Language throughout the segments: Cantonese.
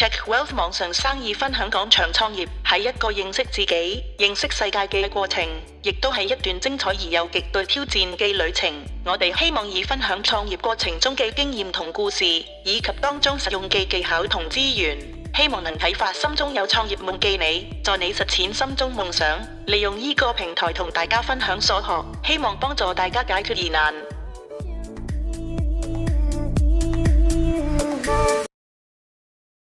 Check Wealth 網上生意分享廣場創業係一個認識自己、認識世界嘅過程，亦都係一段精彩而又極度挑戰嘅旅程。我哋希望以分享創業過程中嘅經驗同故事，以及當中實用嘅技，技巧同資源，希望能啟發心中有創業夢嘅你，助你實踐心中夢想。利用呢個平台同大家分享所學，希望幫助大家解決疑難。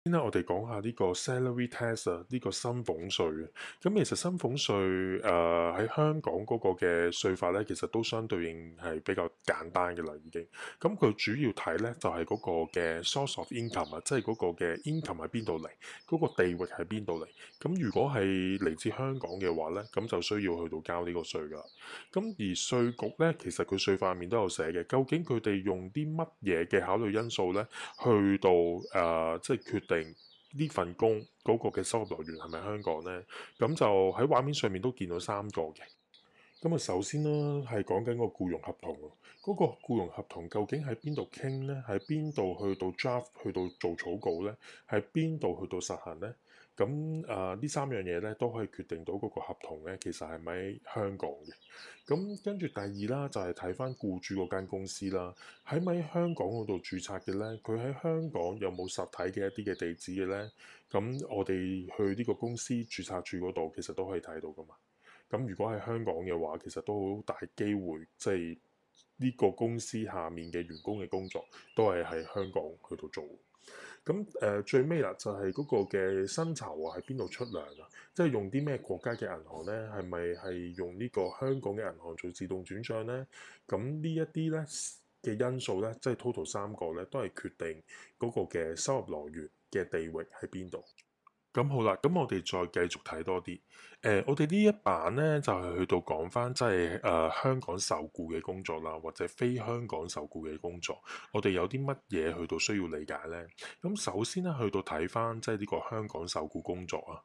先啦，我哋講下呢個 salary tax 啊，呢個薪俸稅啊。咁其實薪俸稅誒喺香港嗰個嘅稅法咧，其實都相對應係比較簡單嘅啦，已經。咁佢主要睇咧就係嗰個嘅 source of income 啊，即係嗰個嘅 income 喺邊度嚟，嗰個地域喺邊度嚟。咁如果係嚟自香港嘅話咧，咁就需要去到交呢個稅噶啦。咁而稅局咧，其實佢稅法面都有寫嘅，究竟佢哋用啲乜嘢嘅考慮因素咧，去到誒即係決。定呢份工嗰個嘅收入來源係咪香港呢？咁就喺畫面上面都見到三個嘅。咁啊，首先啦，係講緊個僱傭合同喎。嗰個僱傭合同究竟喺邊度傾呢？喺邊度去到 draft 去到做草稿呢？喺邊度去到實行呢？咁誒呢三樣嘢咧，都可以決定到嗰個合同咧，其實係咪香港嘅？咁跟住第二啦，就係睇返僱主嗰間公司啦，喺咪香港嗰度註冊嘅呢，佢喺香港有冇實體嘅一啲嘅地址嘅呢？咁我哋去呢個公司註冊處嗰度，其實都可以睇到噶嘛。咁如果喺香港嘅話，其實都好大機會，即係呢個公司下面嘅員工嘅工作都係喺香港去到做。咁誒、呃、最尾啦，就係、是、嗰個嘅薪酬喺邊度出糧啊？即係用啲咩國家嘅銀行呢？係咪係用呢個香港嘅銀行做自動轉帳呢？咁呢一啲呢嘅因素呢，即、就、係、是、total 三個呢，都係決定嗰個嘅收入來源嘅地域喺邊度。咁好啦，咁我哋再繼續睇多啲。誒、呃，我哋呢一版呢，就係、是、去到講翻即係誒香港受雇嘅工作啦，或者非香港受雇嘅工作。我哋有啲乜嘢去到需要理解呢？咁首先呢，去到睇翻即係呢個香港受雇工作啊。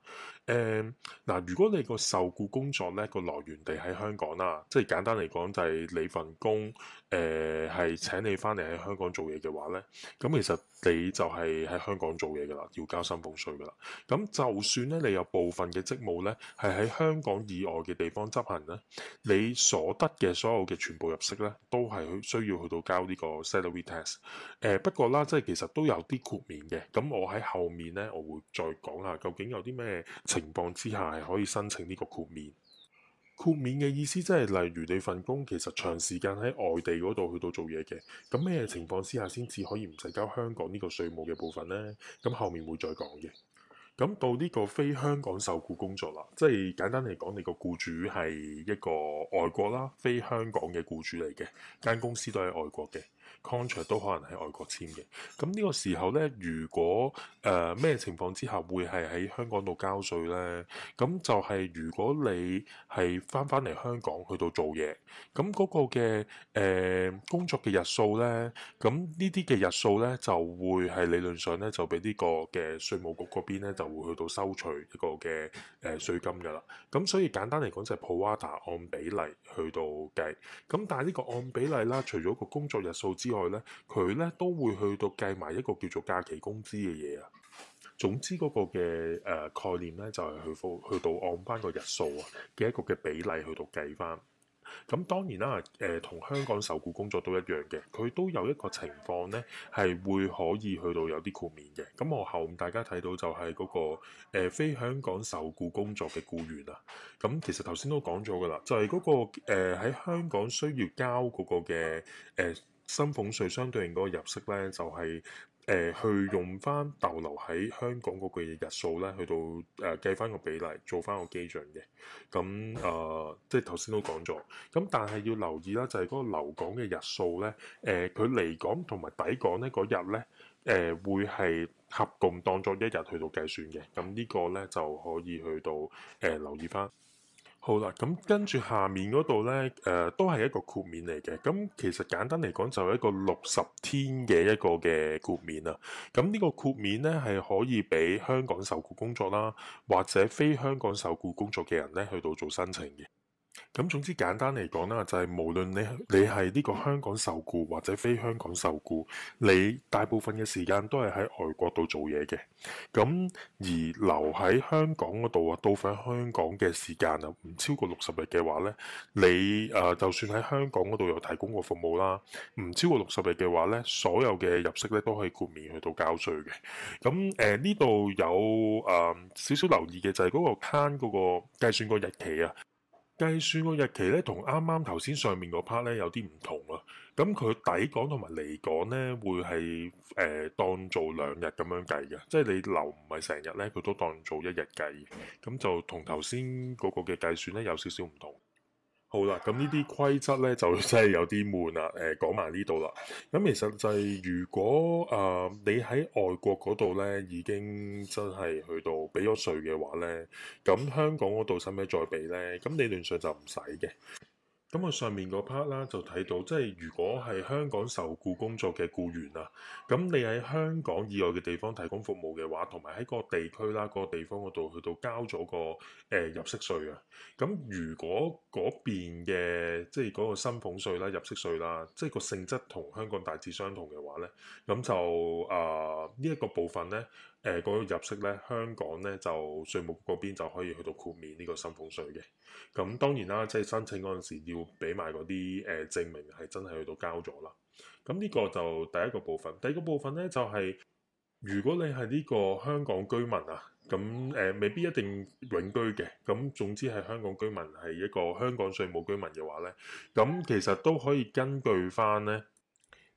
誒、呃，嗱、呃，如果你個受雇工作呢個來源地喺香港啦，即係簡單嚟講就係你份工誒係、呃、請你翻嚟喺香港做嘢嘅話呢。咁其實。你就係喺香港做嘢㗎啦，要交薪俸稅㗎啦。咁就算咧，你有部分嘅職務咧係喺香港以外嘅地方執行咧，你所得嘅所有嘅全部入息咧，都係去需要去到交呢個 salary tax。誒、呃、不過啦，即係其實都有啲豁免嘅。咁我喺後面咧，我會再講下究竟有啲咩情況之下係可以申請呢個豁免。豁免嘅意思、就是，即係例如你份工其實長時間喺外地嗰度去到做嘢嘅，咁咩情況之下先至可以唔使交香港呢個稅務嘅部分呢？咁後面會再講嘅。咁到呢個非香港受僱工作啦，即係簡單嚟講，你個僱主係一個外國啦，非香港嘅僱主嚟嘅，間公司都係外國嘅，contract 都可能喺外國簽嘅，咁呢個時候呢，如果誒咩、呃、情況之下會係喺香港度交稅呢？咁就係如果你係翻翻嚟香港去到做嘢，咁嗰個嘅誒工作嘅、呃、日數呢，咁呢啲嘅日數呢，就會係理論上呢，就俾呢個嘅稅務局嗰邊咧就會去到收取一個嘅誒稅金㗎啦，咁所以簡單嚟講就係普 u l 按比例去到計，咁但係呢個按比例啦，除咗個工作日數。之外咧，佢咧都會去到計埋一個叫做假期工資嘅嘢啊。總之嗰個嘅誒、呃、概念咧，就係、是、去去到按翻個日數啊嘅一個嘅比例去到計翻。咁、嗯、當然啦，誒、呃、同香港受雇工作都一樣嘅，佢都有一個情況咧，係會可以去到有啲豁免嘅。咁、嗯、我後面大家睇到就係嗰、那個、呃、非香港受雇工作嘅雇員啊。咁、嗯、其實頭先都講咗㗎啦，就係、是、嗰、那個喺、呃、香港需要交嗰個嘅誒。呃薪俸稅相對應嗰個入息咧，就係誒去用翻逗留喺香港嗰個日數咧，去到誒計翻個比例做翻個基準嘅。咁誒即係頭先都講咗。咁但係要留意啦，就係嗰個留港嘅日數咧，誒佢離港同埋抵港咧嗰日咧，誒會係合共當作一日去到計算嘅。咁呢個咧就可以去到誒留意翻。好啦，咁跟住下面嗰度呢，誒、呃、都係一個豁免嚟嘅。咁其實簡單嚟講，就係一個六十天嘅一個嘅豁免啊。咁呢個豁免呢，係可以俾香港受僱工作啦，或者非香港受僱工作嘅人呢，去到做申請嘅。咁總之簡單嚟講啦，就係、是、無論你你係呢個香港受僱或者非香港受僱，你大部分嘅時間都係喺外國度做嘢嘅。咁而留喺香港嗰度啊，到返香港嘅時間啊，唔超過六十日嘅話咧，你誒就算喺香港嗰度有提供過服務啦，唔超過六十日嘅話咧，所有嘅入息咧都可以豁免去到交稅嘅。咁誒呢度有誒、呃、少少留意嘅就係嗰個 can 嗰個計算個日期啊。計算個日期咧，同啱啱頭先上面個 part 咧有啲唔同啊。咁佢抵港同埋離港咧，會係誒、呃、當做兩日咁樣計嘅，即係你留唔係成日咧，佢都當做一日計。咁就同頭先嗰個嘅計算咧有少少唔同。好啦，咁呢啲規則呢就真係有啲悶啦，誒、呃、講埋呢度啦。咁其實就係、是、如果誒、呃、你喺外國嗰度呢已經真係去到俾咗稅嘅話呢，咁香港嗰度使唔使再俾呢？咁理論上就唔使嘅。咁啊，上面個 part 啦，就睇到即係如果係香港受僱工作嘅僱員啊，咁你喺香港以外嘅地方提供服務嘅話，同埋喺個地區啦、嗰個地方嗰度去到交咗個誒入息稅啊。咁如果嗰邊嘅即係嗰個薪俸稅啦、入息稅啦，即係個，個性質同香港大致相同嘅話咧，咁就啊呢一個部分咧。誒嗰、呃那個、入息咧，香港咧就稅務局嗰邊就可以去到豁免呢個薪俸稅嘅。咁、嗯、當然啦，即係申請嗰陣時要俾埋嗰啲誒證明係真係去到交咗啦。咁、嗯、呢、這個就第一個部分，第二個部分咧就係、是、如果你係呢個香港居民啊，咁、嗯、誒、呃、未必一定永居嘅。咁、嗯、總之係香港居民係一個香港稅務居民嘅話咧，咁、嗯、其實都可以根據翻咧。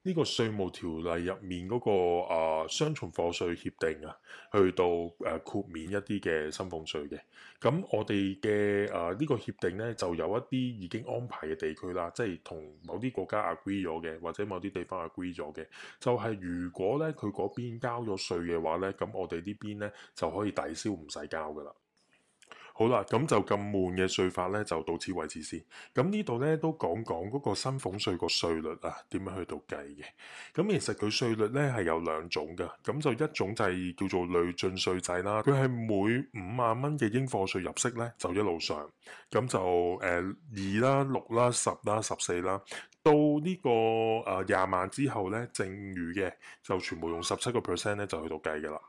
呢個稅務條例入面嗰、那個啊、呃、雙重課稅協定啊，去到誒、呃、豁免一啲嘅薪俸稅嘅。咁我哋嘅啊呢個協定呢，就有一啲已經安排嘅地區啦，即係同某啲國家 agree 咗嘅，或者某啲地方 agree 咗嘅。就係、是、如果呢，佢嗰邊交咗稅嘅話呢，咁我哋呢邊呢，就可以抵消唔使交㗎喇。好啦，咁就咁悶嘅稅法呢，就到此為止先。咁呢度呢，都講講嗰個薪俸稅個稅率啊，點樣去到計嘅。咁其實佢稅率呢，係有兩種嘅，咁就一種就係叫做累進稅制啦，佢係每五萬蚊嘅應課稅入息呢，就一路上，咁就誒二啦、六啦、十啦、十四啦，到呢個誒廿萬之後呢，剩餘嘅就全部用十七個 percent 咧就去到計嘅啦。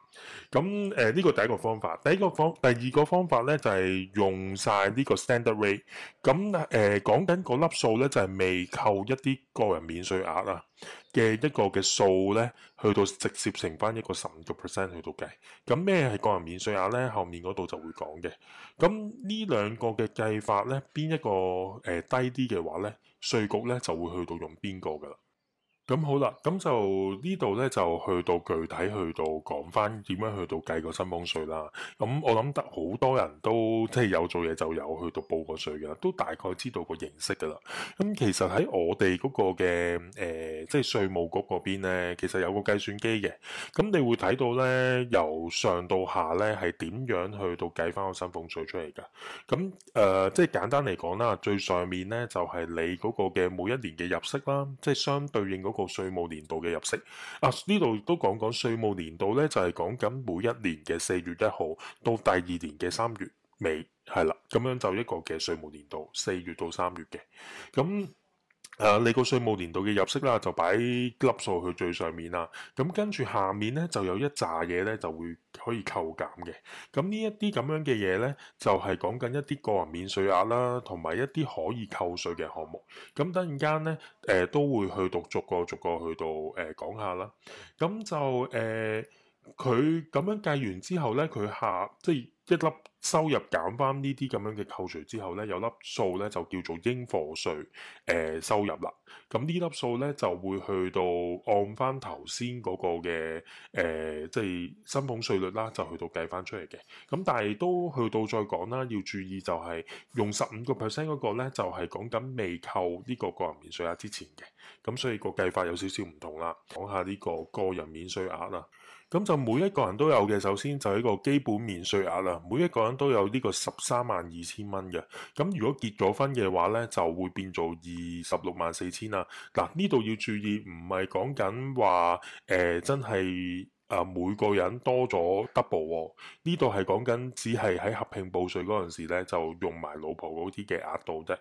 咁誒呢個第一個方法，第一個方第二個方法呢就係、是、用晒呢個 standard rate，咁誒講緊嗰粒數呢，就係、是、未扣一啲個人免稅額啊嘅一個嘅數呢，去到直接乘翻一個十五個 percent 去到計。咁咩係個人免稅額呢？後面嗰度就會講嘅。咁呢兩個嘅計法呢，邊一個誒、呃、低啲嘅話呢，稅局呢就會去到用邊個噶啦。咁好啦，咁就呢度呢，就去到具體去到講翻點樣去到計個薪俸稅啦。咁我諗得好多人都即係、就是、有做嘢就有去到報過稅嘅啦，都大概知道個形式㗎啦。咁其實喺我哋嗰個嘅誒、呃、即係稅務局嗰邊咧，其實有個計算機嘅。咁你會睇到咧，由上到下咧係點樣去到計翻個薪俸稅出嚟㗎。咁誒、呃、即係簡單嚟講啦，最上面咧就係、是、你嗰個嘅每一年嘅入息啦，即係相對應嗰、那個。稅務年度嘅入息啊，呢度都講講稅務年度咧，就係講緊每一年嘅四月一號到第二年嘅三月尾，係啦，咁樣就一個嘅稅務年度，四月到三月嘅咁。嗯誒、啊，你個稅務年度嘅入息啦，就擺粒數去最上面啦。咁、嗯、跟住下面咧，就有一揸嘢咧，就會可以扣減嘅。咁、嗯、呢一啲咁樣嘅嘢咧，就係、是、講緊一啲個人免稅額啦，同埋一啲可以扣稅嘅項目。咁等陣間咧，誒、呃、都會去讀逐個逐個，逐個去到誒、呃、講下啦。咁、嗯、就誒。呃。佢咁樣計完之後呢，佢下即係一粒收入減翻呢啲咁樣嘅扣除之後呢，有粒數呢就叫做應課稅誒收入啦。咁呢粒數呢，就會去到按翻頭先嗰個嘅誒、呃，即係薪俸稅率啦，就去到計翻出嚟嘅。咁但係都去到再講啦，要注意就係、是、用十五個 percent 嗰個呢，就係講緊未扣呢個個人免稅額之前嘅。咁所以個計法有少少唔同啦。講下呢個個人免稅額啦。咁就每一個人都有嘅，首先就係一個基本免稅額啦，每一個人都有呢個十三萬二千蚊嘅。咁如果結咗婚嘅話呢，就會變做二十六萬四千啦。嗱，呢度要注意，唔係講緊話誒真係啊、呃、每個人多咗 double 喎。呢度係講緊只係喺合併報稅嗰陣時呢，就用埋老婆嗰啲嘅額度啫。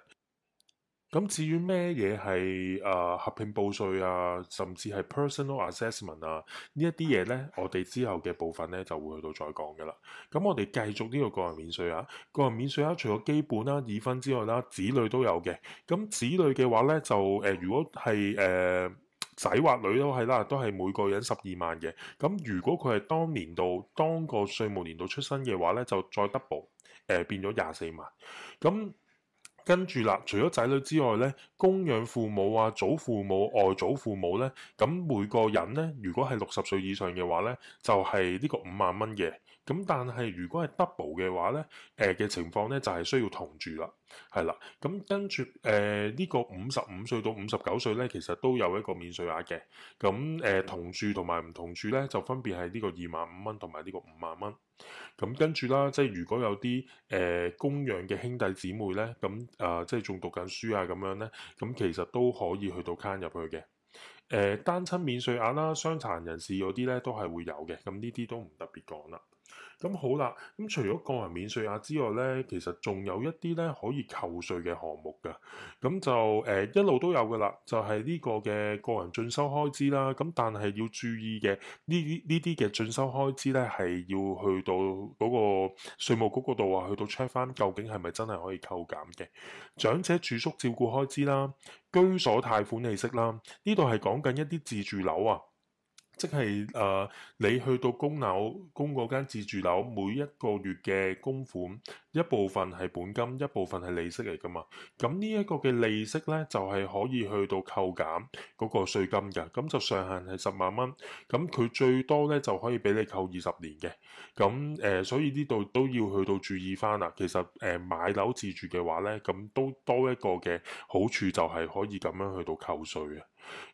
咁至於咩嘢係誒合併報稅啊，甚至係 personal assessment 啊，呢一啲嘢呢，我哋之後嘅部分呢，就會去到再講嘅啦。咁我哋繼續呢個個人免稅額啊，個人免稅額啦、啊，除咗基本啦、啊、已婚之外啦、啊，子女都有嘅。咁子女嘅話呢，就誒、呃、如果係誒仔或女都係啦，都係每個人十二萬嘅。咁如果佢係當年度、當個稅務年度出生嘅話呢，就再 double，誒、呃、變咗廿四萬。咁跟住啦，除咗仔女之外咧，供養父母啊、祖父母、外祖父母咧，咁每個人咧，如果係六十歲以上嘅話咧，就係、是、呢個五萬蚊嘅。咁但係如果係 double 嘅話咧，誒、呃、嘅情況咧就係需要同住啦，係啦。咁跟住誒、呃這個、呢個五十五歲到五十九歲咧，其實都有一個免稅額嘅。咁、嗯、誒、呃、同住同埋唔同住咧，就分別係呢個二萬五蚊同埋呢個五萬蚊。咁跟住啦，即係如果有啲誒供養嘅兄弟姊妹咧，咁、呃、啊即係仲讀緊書啊咁樣咧，咁其實都可以去到慳入去嘅。誒、呃、單親免稅額啦，傷殘人士嗰啲咧都係會有嘅。咁呢啲都唔特別講啦。咁好啦，咁除咗個人免稅額之外呢，其實仲有一啲呢可以扣稅嘅項目㗎，咁就誒、呃、一路都有㗎啦，就係、是、呢個嘅個人進修開支啦，咁但係要注意嘅呢啲呢啲嘅進修開支呢，係要去到嗰個稅務局嗰度啊，去到 check 返究竟係咪真係可以扣減嘅，長者住宿照顧開支啦，居所貸款利息啦，呢度係講緊一啲自住樓啊。即係誒、呃，你去到供樓、供嗰間自住樓，每一個月嘅供款，一部分係本金，一部分係利息嚟㗎嘛。咁呢一個嘅利息呢，就係、是、可以去到扣減嗰個稅金嘅。咁就上限係十萬蚊。咁佢最多呢就可以俾你扣二十年嘅。咁誒、呃，所以呢度都要去到注意返喇。其實誒、呃，買樓自住嘅話呢，咁都多一個嘅好處，就係可以咁樣去到扣稅啊。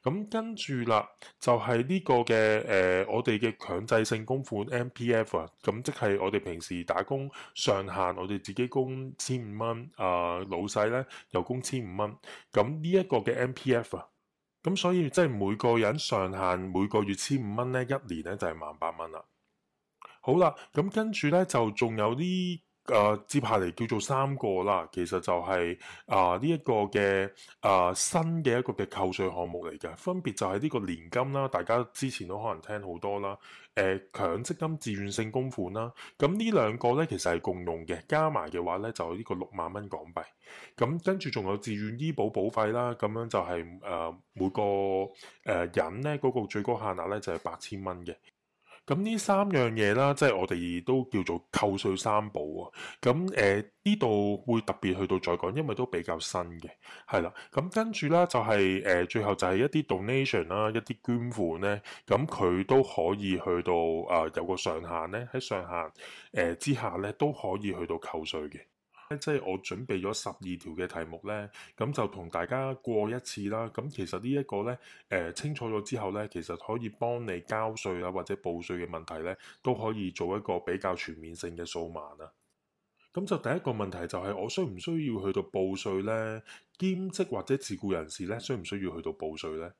咁跟住啦，就係呢個嘅誒，我哋嘅強制性供款 MPF 啊，咁即係我哋平時打工上限，我哋自己供千五蚊啊，老細咧又供千五蚊，咁呢一個嘅 MPF 啊，咁所以即係每個人上限每個月千五蚊咧，一年咧就係萬八蚊啦。好啦，咁跟住咧就仲有啲。誒、呃、接下嚟叫做三個啦，其實就係啊呢一個嘅啊新嘅一個嘅扣稅項目嚟嘅，分別就係呢個年金啦，大家之前都可能聽好多啦，誒強積金自願性供款啦，咁、嗯、呢兩個咧其實係共用嘅，加埋嘅話咧就係呢個六萬蚊港幣，咁跟住仲有自願醫保保費啦，咁樣就係、是、誒、呃、每個誒、呃、人咧嗰、那個最高限額咧就係八千蚊嘅。咁呢三樣嘢啦，即係我哋都叫做扣稅三寶啊。咁誒呢度會特別去到再講，因為都比較新嘅，係啦。咁跟住啦，就係、是、誒、呃、最後就係一啲 donation 啦，一啲捐款咧，咁佢都可以去到啊、呃、有個上限咧，喺上限誒、呃、之下咧都可以去到扣稅嘅。即係我準備咗十二條嘅題目呢，咁就同大家過一次啦。咁其實呢一個呢，誒、呃、清楚咗之後呢，其實可以幫你交稅啊或者報稅嘅問題呢，都可以做一個比較全面性嘅掃盲啊。咁就第一個問題就係、是、我需唔需要去到報稅呢？兼職或者自雇人士呢，需唔需要去到報稅呢？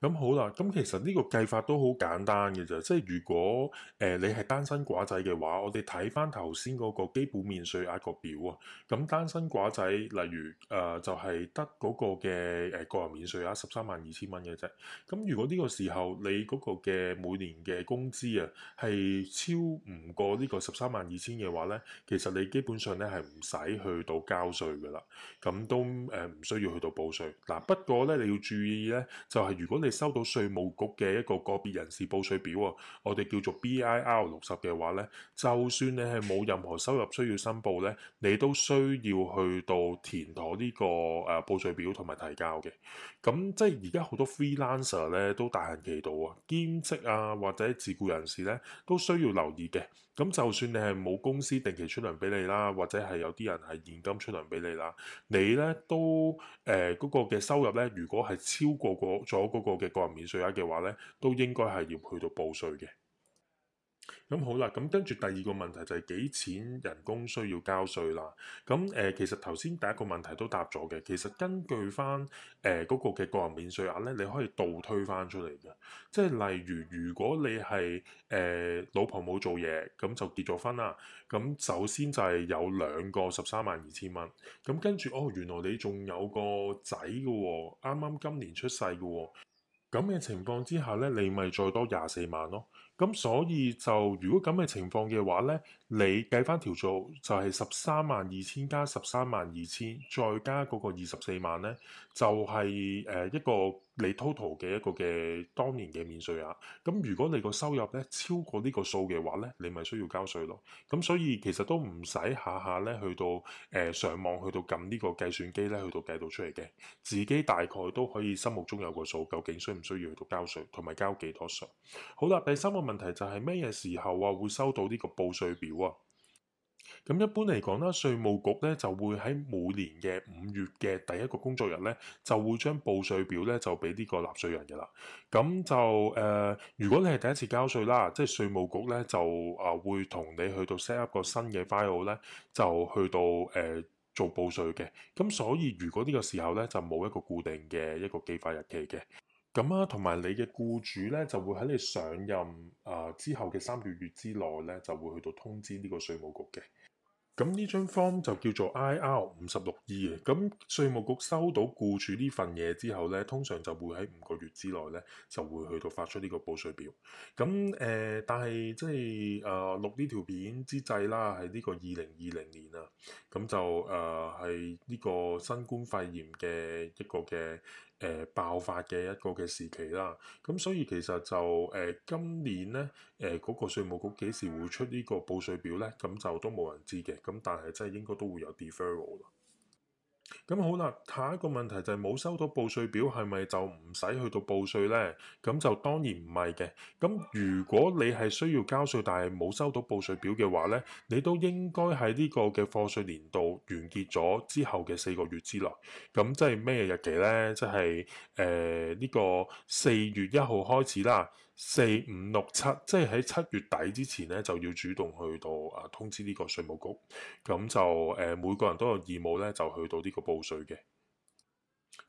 咁好啦，咁其實呢個計法都好簡單嘅啫，即係如果誒、呃、你係單身寡仔嘅話，我哋睇翻頭先嗰個基本免稅額個表啊，咁單身寡仔例如誒、呃、就係得嗰個嘅誒、呃、個人免稅額十三萬二千蚊嘅啫，咁如果呢個時候你嗰個嘅每年嘅工資啊係超唔過呢個十三萬二千嘅話呢，其實你基本上呢係唔使去到交稅㗎喇，咁都誒唔、呃、需要去到報稅嗱。不過呢，你要注意呢，就係、是、如果你收到稅務局嘅一個個別人士報稅表啊，我哋叫做 BIR 六十嘅話咧，就算你係冇任何收入需要申報咧，你都需要去到填妥呢個誒報稅表同埋提交嘅。咁即係而家好多 freelancer 咧都大行其道啊，兼職啊或者自雇人士咧都需要留意嘅。咁就算你係冇公司定期出糧俾你啦，或者係有啲人係現金出糧俾你啦，你咧都誒嗰個嘅收入咧，如果係超過過咗嗰個嘅個人免稅額嘅話咧，都應該係要去到報稅嘅。咁好啦，咁跟住第二個問題就係幾錢人工需要交稅啦？咁誒、呃，其實頭先第一個問題都答咗嘅，其實根據翻誒嗰個嘅個人免稅額呢，你可以倒推翻出嚟嘅，即係例如如果你係誒、呃、老婆冇做嘢，咁就結咗婚啦，咁首先就係有兩個十三萬二千蚊，咁跟住哦，原來你仲有個仔㗎喎，啱啱今年出世㗎喎，咁嘅情況之下呢，你咪再多廿四萬咯、哦。咁所以就如果咁嘅情況嘅話咧，你計翻條數就係十三萬二千加十三萬二千，再加嗰個二十四萬咧，就係誒一個你 total 嘅一個嘅當年嘅免稅額，咁如果你個收入咧超過呢個數嘅話咧，你咪需要交稅咯。咁所以其實都唔使下下咧去到誒、呃、上網去到撳呢個計算機咧去到計到出嚟嘅，自己大概都可以心目中有個數，究竟需唔需要去到交稅，同埋交幾多稅。好啦，第三個問。問題就係咩嘢時候啊，會收到呢個報稅表啊？咁一般嚟講咧，稅務局咧就會喺每年嘅五月嘅第一個工作日咧，就會將報稅表咧就俾呢個納稅人嘅啦。咁就誒、呃，如果你係第一次交稅啦，即係稅務局咧就啊會同你去到 set up 個新嘅 file 咧，就去到誒、呃、做報稅嘅。咁所以如果呢個時候咧就冇一個固定嘅一個寄發日期嘅。咁啊，同埋你嘅僱主呢，就會喺你上任啊、呃、之後嘅三個月之內呢，就會去到通知呢個稅務局嘅。咁呢張 form 就叫做 IR 56E 嘅。咁稅務局收到僱主呢份嘢之後呢，通常就會喺五個月之內呢，就會去到發出呢個報稅表。咁誒、呃，但係即係誒錄呢條片之際啦，喺呢個二零二零年啊。咁就誒係呢個新冠肺炎嘅一個嘅。誒、呃、爆發嘅一個嘅時期啦，咁所以其實就誒、呃、今年呢，誒、呃、嗰、那個稅務局幾時會出呢個報稅表呢？咁就都冇人知嘅，咁但係真係應該都會有 deferral 啦。咁好啦，下一個問題就係冇收到報稅表，係咪就唔使去到報稅呢？咁就當然唔係嘅。咁如果你係需要交稅，但係冇收到報稅表嘅話呢，你都應該喺呢個嘅課稅年度完結咗之後嘅四個月之內。咁即係咩日期呢？即係誒，呢個四月一號開始啦。四五六七，即係喺七月底之前咧，就要主動去到啊通知呢個稅務局，咁就誒、呃、每個人都有義務咧，就去到呢個報稅嘅。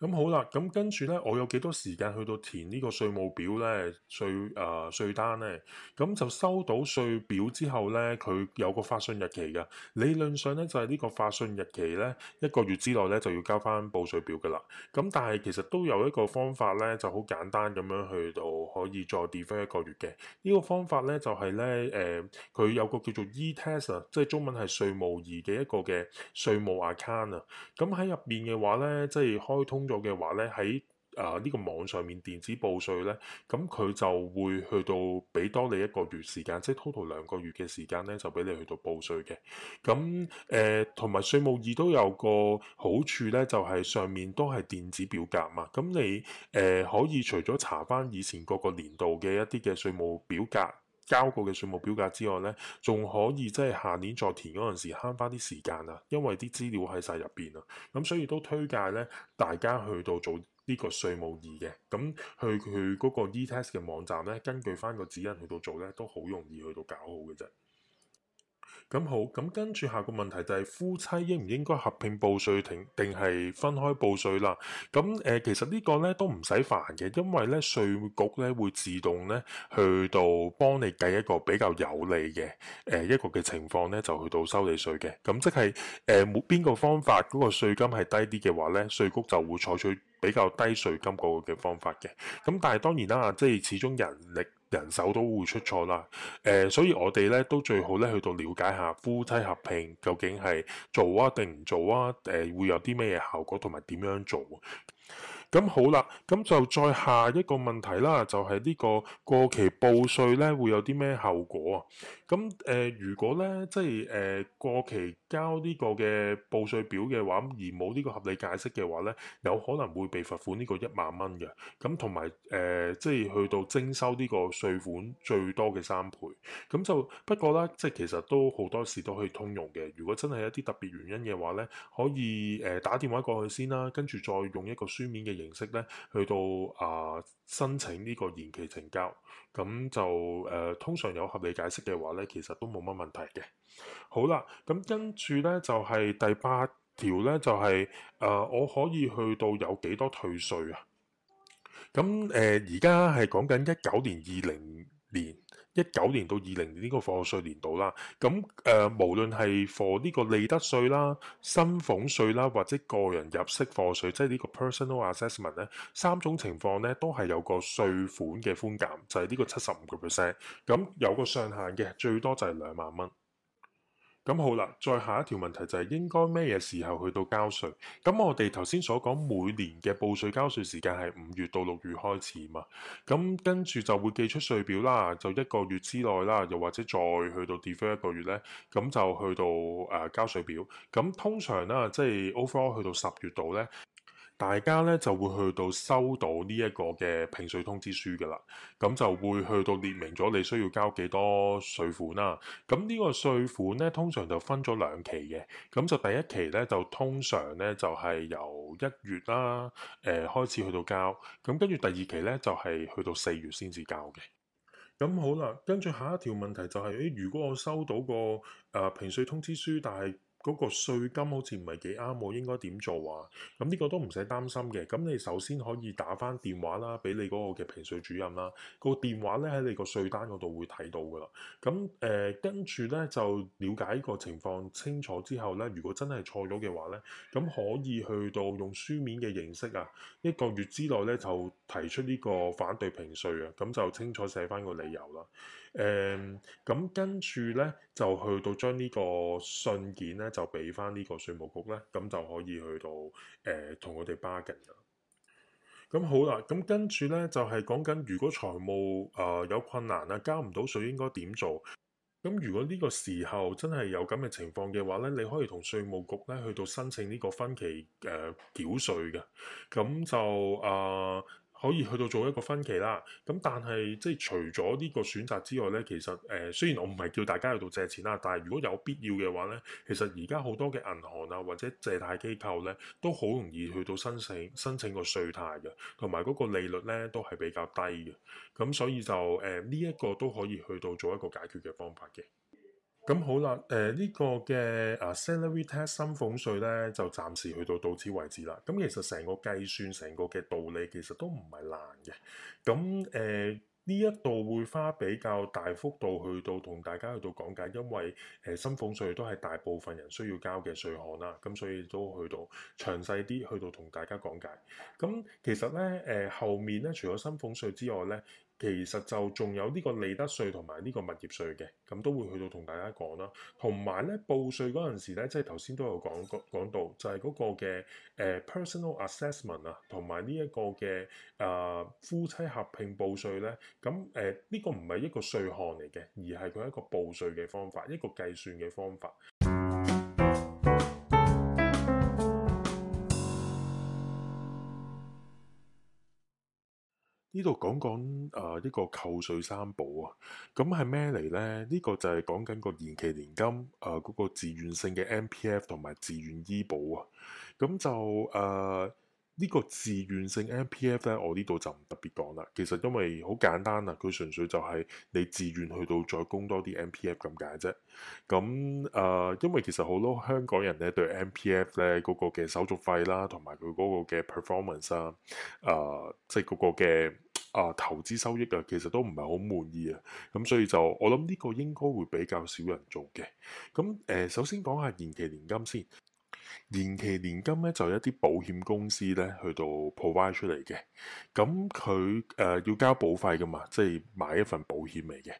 咁好啦，咁跟住咧，我有幾多時間去到填呢個稅務表咧？稅啊，稅、呃、單咧，咁就收到稅表之後咧，佢有個發信日期嘅。理論上咧，就係、是、呢個發信日期咧，一個月之內咧就要交翻報稅表嘅啦。咁但係其實都有一個方法咧，就好簡單咁樣去到可以再 defer 一個月嘅。呢、這個方法咧就係、是、咧，誒、呃、佢有個叫做 eTAX 啊，即係中文係稅務易嘅一個嘅稅務 account 啊。咁喺入邊嘅話咧，即係開通。嘅話咧，喺啊呢個網上面電子報稅咧，咁佢就會去到俾多你一個月時間，即係 total 兩個月嘅時間咧，就俾你去到報稅嘅。咁誒同埋稅務二都有個好處咧，就係、是、上面都係電子表格嘛。咁你誒、呃、可以除咗查翻以前嗰個年度嘅一啲嘅稅務表格，交過嘅稅務表格之外呢，仲可以即係下年再填嗰陣時慳翻啲時間啊，因為啲資料喺晒入邊啊，咁所以都推介呢大家去到做呢個稅務二嘅，咁去佢嗰個 eTax 嘅網站呢，根據翻個指引去到做呢，都好容易去到搞好嘅啫。咁好，咁跟住下個問題就係夫妻應唔應該合併報稅，停定係分開報稅啦？咁誒，其實呢個咧都唔使煩嘅，因為咧稅局咧會自動咧去到幫你計一個比較有利嘅誒一個嘅情況咧，就去到收你稅嘅。咁即係誒冇邊個方法嗰個稅金係低啲嘅話咧，稅局就會採取比較低稅金嗰個嘅方法嘅。咁但係當然啦，即係始終人力。人手都會出錯啦，誒，所以我哋咧都最好咧去到了解下夫妻合併究竟係做啊定唔做啊，誒，會有啲咩效果同埋點樣做？咁好啦，咁就再下一個問題啦，就係呢個過期報稅咧會有啲咩效果啊？咁誒、呃，如果咧即係誒、呃、過期交呢個嘅報稅表嘅話，而冇呢個合理解釋嘅話咧，有可能會被罰款呢個一萬蚊嘅。咁同埋誒，即係去到徵收呢個稅款最多嘅三倍。咁就不過啦，即係其實都好多時都可以通用嘅。如果真係一啲特別原因嘅話咧，可以誒、呃、打電話過去先啦，跟住再用一個書面嘅形式咧去到啊、呃、申請呢個延期成交。咁就誒、呃、通常有合理解釋嘅話呢，其實都冇乜問題嘅。好啦，咁跟住呢，就係、是、第八條呢，就係、是、誒、呃、我可以去到有幾多退稅啊？咁誒而家係講緊一九年、二零年。一九年到二零年呢個課稅年度啦，咁誒、呃、無論係 for 呢個利得稅啦、薪俸稅啦，或者個人入息課稅，即係呢個 personal assessment 咧，三種情況咧都係有個稅款嘅寬減，就係、是、呢個七十五個 percent，咁有個上限嘅，最多就係兩萬蚊。咁好啦，再下一條問題就係、是、應該咩嘢時候去到交稅？咁我哋頭先所講每年嘅報稅交稅時間係五月到六月開始嘛，咁跟住就會寄出稅表啦，就一個月之內啦，又或者再去到 defer 一個月呢。咁就去到誒、呃、交稅表。咁通常啦，即係 overall 去到十月度呢。大家咧就會去到收到呢一個嘅評稅通知書㗎啦，咁就會去到列明咗你需要交幾多稅款啦、啊。咁呢個稅款咧通常就分咗兩期嘅，咁就第一期咧就通常咧就係、是、由一月啦，誒、呃、開始去到交，咁跟住第二期咧就係、是、去到四月先至交嘅。咁好啦，跟住下一條問題就係、是、誒，如果我收到個誒評、呃、稅通知書，但係嗰個稅金好似唔係幾啱，我應該點做啊？咁呢個都唔使擔心嘅。咁你首先可以打翻電話啦，俾你嗰個嘅評稅主任啦。個電話咧喺你個稅單嗰度會睇到噶啦。咁誒，跟住咧就了解個情況清楚之後咧，如果真係錯咗嘅話咧，咁可以去到用書面嘅形式啊，一個月之內咧就提出呢個反對評稅啊，咁就清楚寫翻個理由啦。誒咁、嗯嗯、跟住呢，就去到將呢個信件呢，就俾翻呢個稅務局呢，咁、嗯、就可以去到誒同佢哋巴緊啦。咁、呃嗯、好啦，咁、嗯、跟住呢，就係講緊，如果財務啊有困難啦，交唔到稅應該點做？咁如果呢個時候真係有咁嘅情況嘅話呢，你可以同稅務局呢去到申請呢個分期誒繳、呃、稅嘅。咁、嗯、就啊～、呃可以去到做一個分期啦，咁但係即係除咗呢個選擇之外呢，其實誒、呃、雖然我唔係叫大家去到借錢啦，但係如果有必要嘅話呢，其實而家好多嘅銀行啊或者借貸機構呢，都好容易去到申請申請個稅貸嘅，同埋嗰個利率呢，都係比較低嘅，咁所以就誒呢一個都可以去到做一個解決嘅方法嘅。咁好啦，誒、呃這個、呢個嘅啊 salaries tax 薪俸稅咧，就暫時去到到此為止啦。咁其實成個計算，成個嘅道理其實都唔係難嘅。咁誒呢一度會花比較大幅度去到同大家去到講解，因為誒薪俸稅都係大部分人需要交嘅稅項啦。咁所以都去到詳細啲去到同大家講解。咁其實咧誒、呃、後面咧，除咗薪俸稅之外咧。其實就仲有呢個利得稅同埋呢個物業稅嘅，咁都會去到同大家講啦。同埋呢報稅嗰陣時呢，即係頭先都有講講到，就係、是、嗰個嘅、呃、personal assessment 啊，同埋呢一個嘅啊、呃、夫妻合併報稅呢。咁誒呢個唔係一個稅項嚟嘅，而係佢係一個報稅嘅方法，一個計算嘅方法。呢度講講誒呢個扣稅三保啊，咁係咩嚟呢？呢、這個就係講緊個延期年金，誒、呃、嗰、那個自願性嘅 MPF 同埋自願醫保啊，咁就誒。呃呢個自願性 M P F 咧，我呢度就唔特別講啦。其實因為好簡單啦，佢純粹就係你自願去到再供多啲 M P F 咁解啫。咁誒、呃，因為其實好多香港人咧對 M P F 咧嗰、那個嘅手續費啦，同埋佢嗰個嘅 performance 啊，誒、呃，即係嗰個嘅啊、呃、投資收益啊，其實都唔係好滿意啊。咁所以就我諗呢個應該會比較少人做嘅。咁誒、呃，首先講下延期年金先。延期年金咧就一啲保險公司咧去到 provide 出嚟嘅，咁佢誒要交保費噶嘛，即係買一份保險嚟嘅，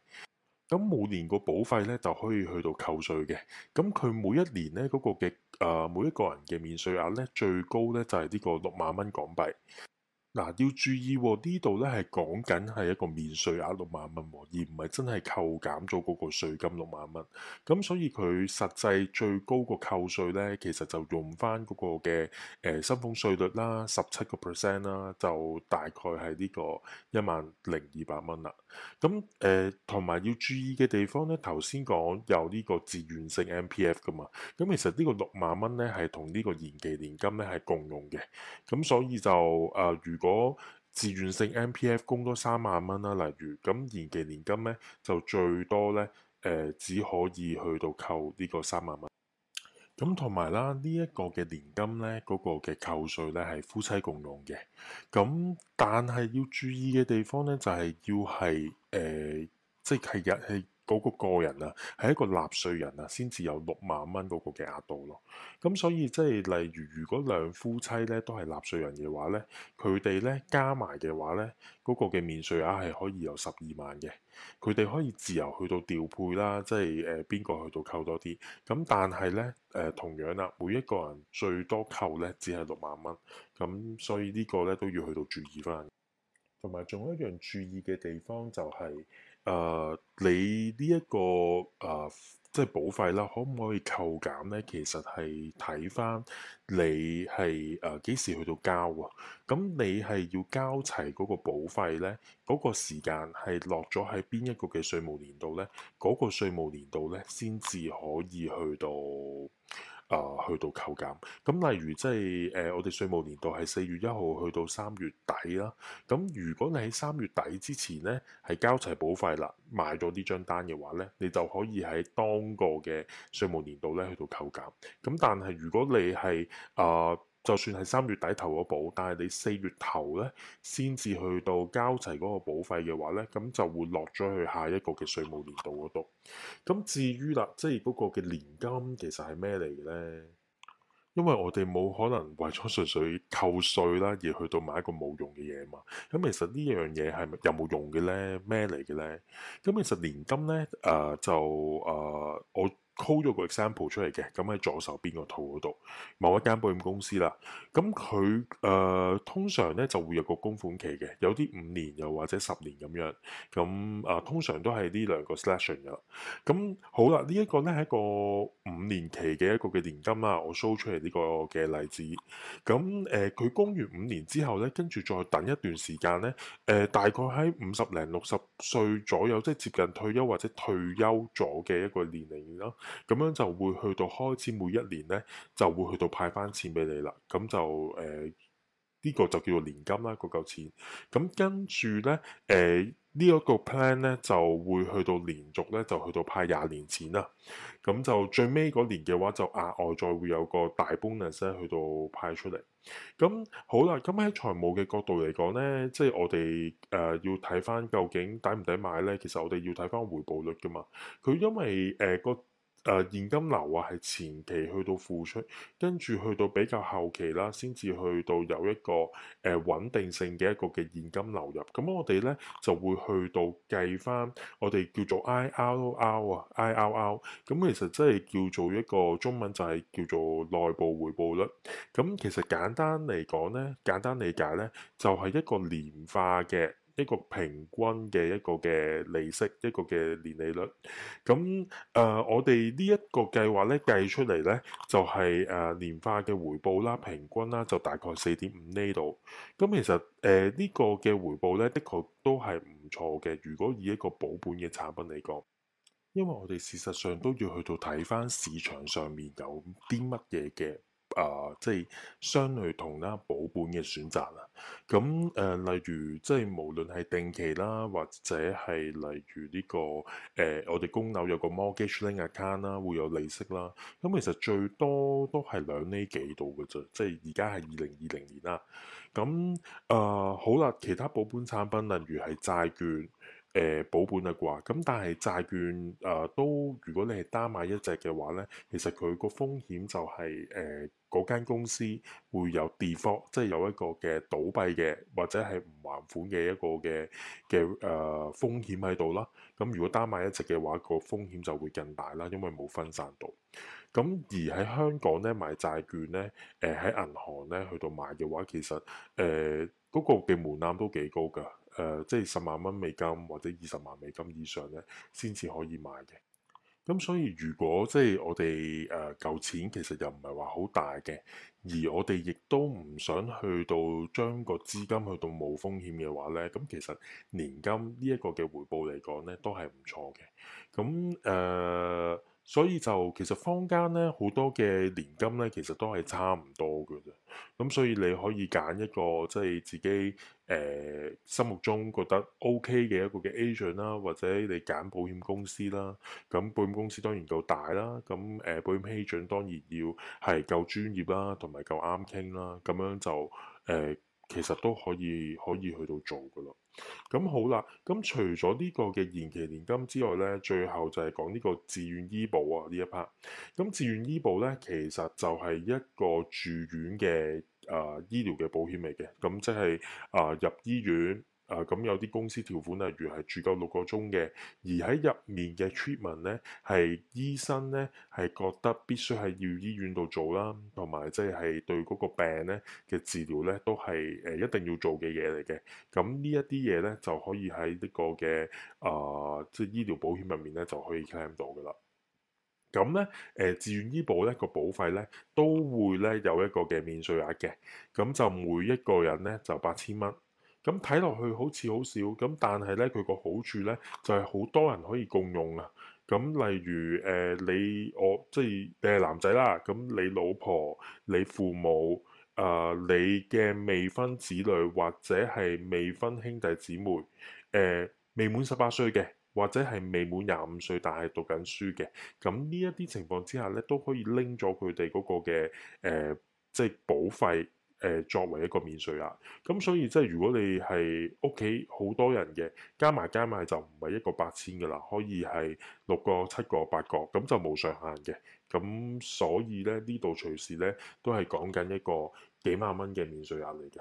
咁每年個保費咧就可以去到扣稅嘅，咁佢每一年咧嗰、那個嘅誒、呃、每一個人嘅免稅額咧最高咧就係、是、呢個六萬蚊港幣。嗱，要注意喎、哦，呢度呢係講緊係一個免稅額六萬蚊，而唔係真係扣減咗嗰個稅金六萬蚊。咁所以佢實際最高個扣稅呢，其實就用翻嗰個嘅誒薪俸稅率啦，十七個 percent 啦，就大概係呢個一萬零二百蚊啦。咁誒，同、呃、埋要注意嘅地方呢，頭先講有呢個自願性 M P F 噶嘛，咁其實呢個六萬蚊呢，係同呢個延期年金呢係共用嘅，咁所以就誒、呃如果自願性 MPF 供多三萬蚊啦，例如咁延期年金咧，就最多咧誒、呃，只可以去到扣呢個三萬蚊。咁同埋啦，呢、這、一個嘅年金咧，嗰、那個嘅扣稅咧係夫妻共用嘅。咁但係要注意嘅地方咧，就係、是、要係誒、呃，即係日係。嗰個個人啊，係一個納稅人啊，先至有六萬蚊嗰個嘅額度咯。咁所以即係例如，如果兩夫妻咧都係納稅人嘅話咧，佢哋咧加埋嘅話咧，嗰個嘅免稅額係可以有十二萬嘅。佢哋可以自由去到調配啦，即係誒邊個去到扣多啲。咁但係咧誒同樣啦，每一個人最多扣咧只係六萬蚊。咁所以呢個咧都要去到注意啦。同埋仲有一樣注意嘅地方就係。誒，uh, 你呢、這、一個誒，uh, 即係保費啦，可唔可以扣減咧？其實係睇返你係誒幾時去到交啊？咁你係要交齊嗰個保費咧，嗰、那個時間係落咗喺邊一個嘅稅務年度咧？嗰、那個稅務年度咧，先至可以去到。啊，去到扣減，咁例如即係誒、呃，我哋稅務年度係四月一號去到三月底啦。咁如果你喺三月底之前呢係交齊保費啦，買咗呢張單嘅話呢，你就可以喺當個嘅稅務年度呢去到扣減。咁但係如果你係啊，呃就算係三月底投個保，但係你四月頭呢先至去到交齊嗰個保費嘅話呢，咁就會落咗去下一個嘅稅務年度嗰度。咁至於啦，即係嗰個嘅年金其實係咩嚟嘅呢？因為我哋冇可能為咗純粹扣稅啦，而去到買一個冇用嘅嘢嘛。咁其實呢樣嘢係咪有冇用嘅呢？咩嚟嘅呢？咁其實年金呢，誒、呃、就誒、呃、我。show 咗個 example 出嚟嘅，咁喺左手邊個圖嗰度，某一間保險公司啦，咁佢誒通常咧就會有個供款期嘅，有啲五年又或者十年咁樣，咁誒、啊、通常都係呢兩個 session 嘅。咁好啦，這個、呢一個咧係一個五年期嘅一個嘅年金啦，我 show 出嚟呢個嘅例子。咁誒佢供完五年之後咧，跟住再等一段時間咧，誒、呃、大概喺五十零六十歲左右，即、就、係、是、接近退休或者退休咗嘅一個年齡咯。咁樣就會去到開始每一年呢就會去到派翻錢俾你啦。咁就誒，呢個就叫做年金啦，嗰嚿錢。咁跟住呢，誒呢一個 plan 呢就會去到連續呢，就去到派廿年錢啦。咁就最尾嗰年嘅話就額外再會有個大 bonus 咧去到派出嚟。咁好啦，咁喺財務嘅角度嚟講呢，即係我哋誒要睇翻究竟抵唔抵買呢？其實我哋要睇翻回報率噶嘛。佢因為誒那個。誒現金流啊，係前期去到付出，跟住去到比較後期啦，先至去到有一個誒、呃、穩定性嘅一個嘅現金流入。咁我哋咧就會去到計翻我哋叫做 IRR 啊，IRR。咁其實即係叫做一個中文就係叫做內部回報率。咁其實簡單嚟講咧，簡單理解咧，就係、是、一個年化嘅。一個平均嘅一個嘅利息，一個嘅年利率，咁誒、呃，我哋呢一個計劃咧計出嚟咧，就係、是、誒、呃、年化嘅回報啦、啊，平均啦就大概四點五厘度。咁其實誒呢、呃這個嘅回報咧，的確都係唔錯嘅。如果以一個保本嘅產品嚟講，因為我哋事實上都要去到睇翻市場上面有啲乜嘢嘅。啊、呃，即係相對同啦，保本嘅選擇啦。咁、呃、誒，例如即係無論係定期啦，或者係例如呢、這個誒、呃，我哋供樓有個 mortgage link account 啦，會有利息啦。咁其實最多都係兩厘幾度嘅啫。即係而家係二零二零年啦。咁誒、呃，好啦，其他保本產品例如係債券。誒、呃、保本啦啩，咁但係債券誒、呃、都，如果你係單買一隻嘅話咧，其實佢個風險就係誒嗰間公司會有 default，即係有一個嘅倒閉嘅或者係唔還款嘅一個嘅嘅誒風險喺度啦。咁如果單買一隻嘅話，個風險就會更大啦，因為冇分散到。咁而喺香港咧買債券咧，誒、呃、喺銀行咧去到買嘅話，其實誒嗰、呃那個嘅門檻都幾高㗎。誒、呃，即係十萬蚊美金或者二十萬美金以上咧，先至可以買嘅。咁所以如果即係我哋誒、呃、舊錢其實又唔係話好大嘅，而我哋亦都唔想去到將個資金去到冇風險嘅話咧，咁其實年金呢一個嘅回報嚟講咧，都係唔錯嘅。咁誒。呃所以就其實坊間呢好多嘅年金呢，其實都係差唔多嘅啫。咁所以你可以揀一個即係自己誒、呃、心目中覺得 OK 嘅一個嘅 agent 啦，或者你揀保險公司啦。咁保險公司當然夠大啦。咁誒，保險 agent 當然要係夠專業啦，同埋夠啱傾啦。咁樣就誒。呃其實都可以可以去到做㗎喇，咁好啦，咁除咗呢個嘅延期年金之外咧，最後就係講呢個自願醫保啊呢一 part，咁自願醫保咧其實就係一個住院嘅啊、呃、醫療嘅保險嚟嘅，咁即係啊入醫院。啊，咁、呃、有啲公司條款例如係住夠六個鐘嘅，而喺入面嘅 treatment 咧，係醫生咧係覺得必須係要醫院度做啦，同埋即係對嗰個病咧嘅治療咧都係誒一定要做嘅嘢嚟嘅。咁呢一啲嘢咧就可以喺呢個嘅啊，即、呃、係、就是、醫療保險入面咧就可以 claim 到㗎啦。咁咧誒，自、呃、願醫保咧個保費咧都會咧有一個嘅免稅額嘅，咁就每一個人咧就八千蚊。咁睇落去好似好少，咁但係呢，佢個好處呢就係、是、好多人可以共用啊。咁例如誒、呃、你我即係誒男仔啦，咁你老婆、你父母、誒、呃、你嘅未婚子女或者係未婚兄弟姊妹、呃，未滿十八歲嘅，或者係未滿廿五歲但係讀緊書嘅，咁呢一啲情況之下呢，都可以拎咗佢哋嗰個嘅、呃、即係保費。作為一個免稅額，咁所以即係如果你係屋企好多人嘅，加埋加埋就唔係一個八千㗎啦，可以係六個、七個、八個，咁就冇上限嘅。咁所以呢呢度隨時呢都係講緊一個幾萬蚊嘅免稅額嚟嘅。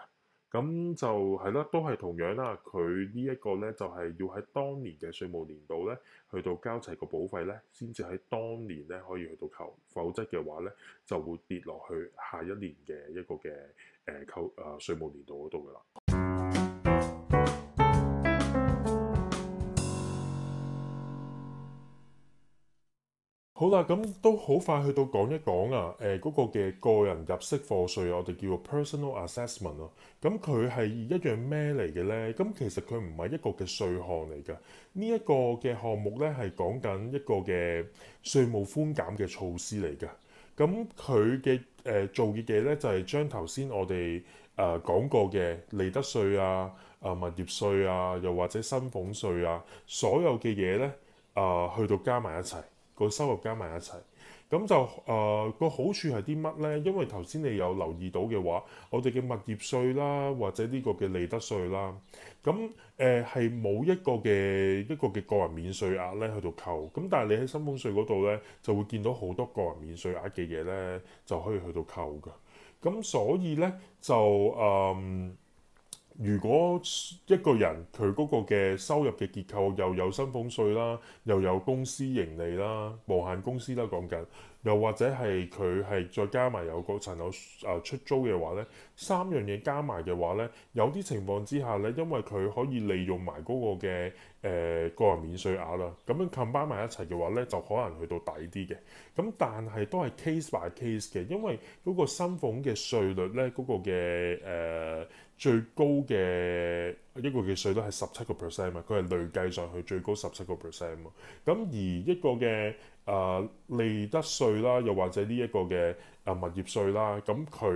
咁就係啦，都係同樣啦。佢呢一個呢，就係要喺當年嘅稅務年度呢，去到交齊個保費呢，先至喺當年呢可以去到扣，否則嘅話呢，就會跌落去下一年嘅一個嘅誒扣啊稅務年度嗰度噶啦。好啦，咁都好快去到講一講啊。誒、呃，嗰、那個嘅個人入息課稅啊，我哋叫做 personal assessment 咯、啊。咁佢係一樣咩嚟嘅咧？咁其實佢唔係一個嘅稅項嚟㗎。這個、呢一個嘅項目咧係講緊一個嘅稅務寬減嘅措施嚟㗎。咁佢嘅誒做嘅嘢咧就係、是、將頭先我哋誒、呃、講過嘅利得稅啊、啊物業稅啊，又或者薪俸稅啊，所有嘅嘢咧啊，去到加埋一齊。個收入加埋一齊，咁就誒、呃，個好處係啲乜咧？因為頭先你有留意到嘅話，我哋嘅物業稅啦，或者呢個嘅利得稅啦，咁誒係冇一個嘅一個嘅個人免稅額咧去到扣，咁但係你喺薪俸稅嗰度咧就會見到好多個人免稅額嘅嘢咧就可以去到扣㗎，咁所以咧就誒。呃如果一個人佢嗰個嘅收入嘅結構又有薪俸稅啦，又有公司盈利啦，無限公司啦講緊，又或者係佢係再加埋有個層樓啊出租嘅話咧，三樣嘢加埋嘅話咧，有啲情況之下咧，因為佢可以利用埋嗰個嘅。誒、呃、個人免稅額啦，咁樣 combine 埋一齊嘅話咧，就可能去到底啲嘅。咁但係都係 case by case 嘅，因為嗰個薪俸嘅稅率咧，嗰、那個嘅誒、呃、最高嘅一個嘅稅率係十七個 percent 啊嘛，佢係累計上去最高十七個 percent 啊嘛。咁而一個嘅啊、呃、利得稅啦，又或者呢一個嘅。啊，物業稅啦，咁佢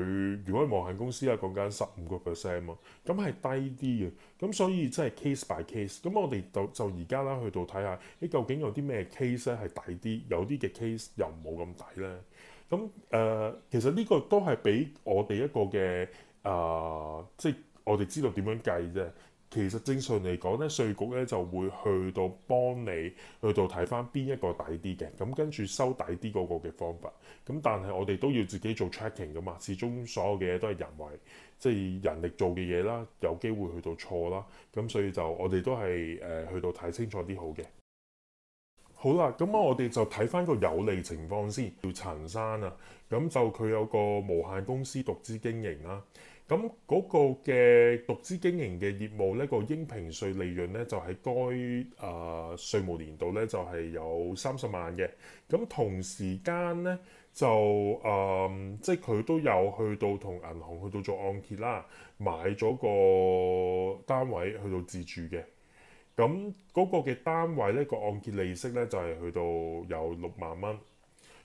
如果係有限公司啦，講緊十五個 percent 啊，咁係低啲嘅，咁所以即係 case by case，咁我哋就就而家啦去到睇下，啲究竟有啲咩 case 咧係抵啲，有啲嘅 case 又冇咁抵咧，咁誒、呃，其實呢個都係俾我哋一個嘅啊，即、呃、係、就是、我哋知道點樣計啫。其實正常嚟講咧，稅局咧就會去到幫你去到睇翻邊一個抵啲嘅，咁跟住收抵啲嗰個嘅方法。咁但係我哋都要自己做 checking 噶嘛，始終所有嘅嘢都係人為，即係人力做嘅嘢啦，有機會去到錯啦。咁所以就我哋都係誒去到睇清楚啲好嘅。好啦，咁我哋就睇翻個有利情況先。叫陳生啊，咁就佢有個無限公司獨資經營啦。咁嗰個嘅獨資經營嘅業務呢，個應評稅利潤呢，就喺該誒、呃、稅務年度呢，就係、是、有三十萬嘅。咁同時間呢，就誒，即係佢都有去到同銀行去到做按揭啦，買咗個單位去到自住嘅。咁嗰個嘅單位呢，個按揭利息呢，就係、是、去到有六萬蚊。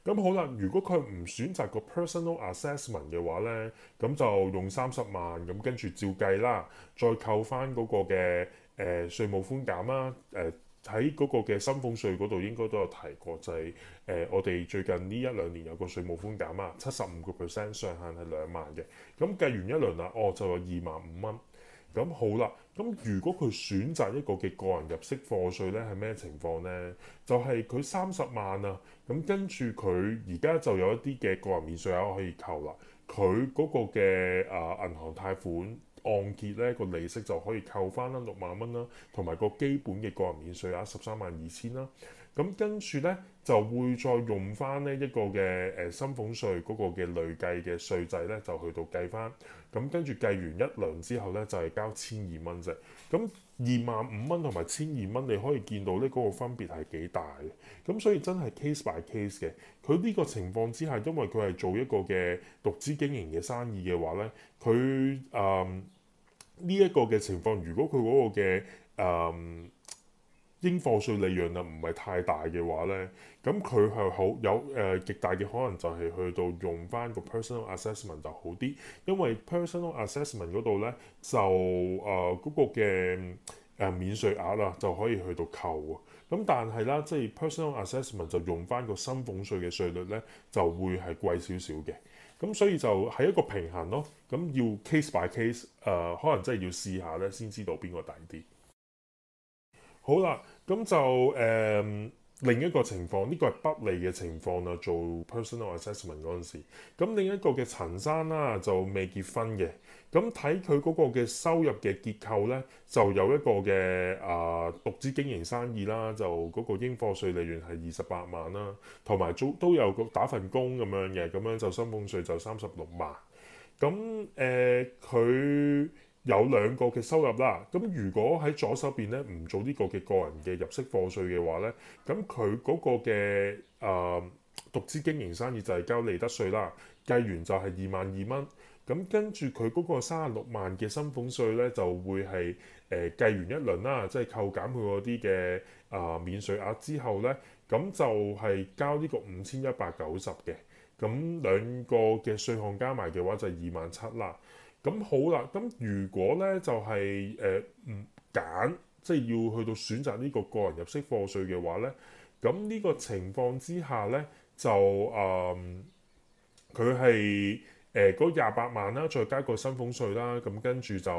咁好啦，如果佢唔選擇個 personal assessment 嘅話咧，咁就用三十萬，咁跟住照計啦，再扣翻嗰個嘅誒、呃、稅務寬減啦，誒喺嗰個嘅薪俸稅嗰度應該都有提過，就係、是、誒、呃、我哋最近呢一兩年有個稅務寬減啊，七十五個 percent 上限係兩萬嘅，咁計完一輪啦，哦就有二萬五蚊，咁好啦。咁如果佢選擇一個嘅個人入息課稅咧，係咩情況呢？就係佢三十萬啊，咁跟住佢而家就有一啲嘅個人免稅額可以扣啦。佢嗰個嘅誒銀行貸款按揭咧，個利息就可以扣翻啦，六萬蚊啦，同埋個基本嘅個人免稅額十三萬二千啦。咁跟住呢，就會再用翻呢一個嘅誒薪俸稅嗰個嘅累計嘅稅制呢，就去到計翻。咁跟住計完一兩之後呢，就係交千二蚊啫。咁二萬五蚊同埋千二蚊，你可以見到呢嗰個分別係幾大嘅。咁所以真係 case by case 嘅。佢呢個情況之下，因為佢係做一個嘅獨資經營嘅生意嘅話呢，佢誒呢一個嘅情況，如果佢嗰個嘅誒。呃應課稅利潤啊，唔係太大嘅話咧，咁佢係好有誒、呃、極大嘅可能就係去到用翻個 personal assessment 就好啲，因為 personal assessment 嗰度咧就誒嗰、呃嗰個嘅誒、呃、免稅額啦就可以去到扣啊。咁但係啦，即係 personal assessment 就用翻個薪俸稅嘅稅率咧，就會係貴少少嘅。咁所以就係一個平衡咯。咁要 case by case 誒、呃，可能真係要試下咧，先知道邊個抵啲。好啦，咁就誒、嗯、另一個情況，呢、這個係不利嘅情況啦。做 personal assessment 嗰陣時，咁另一個嘅陳生啦，就未結婚嘅。咁睇佢嗰個嘅收入嘅結構咧，就有一個嘅啊獨資經營生意啦，就嗰個應課稅利潤係二十八萬啦，同埋做都有個打份工咁樣嘅，咁樣就薪俸稅就三十六萬。咁誒佢，呃有兩個嘅收入啦，咁如果喺左手邊咧唔做呢個嘅個人嘅入息課稅嘅話咧，咁佢嗰個嘅誒、呃、獨資經營生意就係交利得稅啦，計完就係二萬二蚊，咁跟住佢嗰個三十六萬嘅薪俸稅咧就會係誒、呃、計完一輪啦，即係扣減佢嗰啲嘅啊免稅額之後咧，咁就係交呢個五千一百九十嘅，咁兩個嘅稅項加埋嘅話就係二萬七啦。咁好啦，咁如果咧就係誒唔揀，即係要去到選擇呢個個人入息課稅嘅話咧，咁呢個情況之下咧就誒佢係誒嗰廿八萬啦，再加個薪俸稅啦，咁跟住就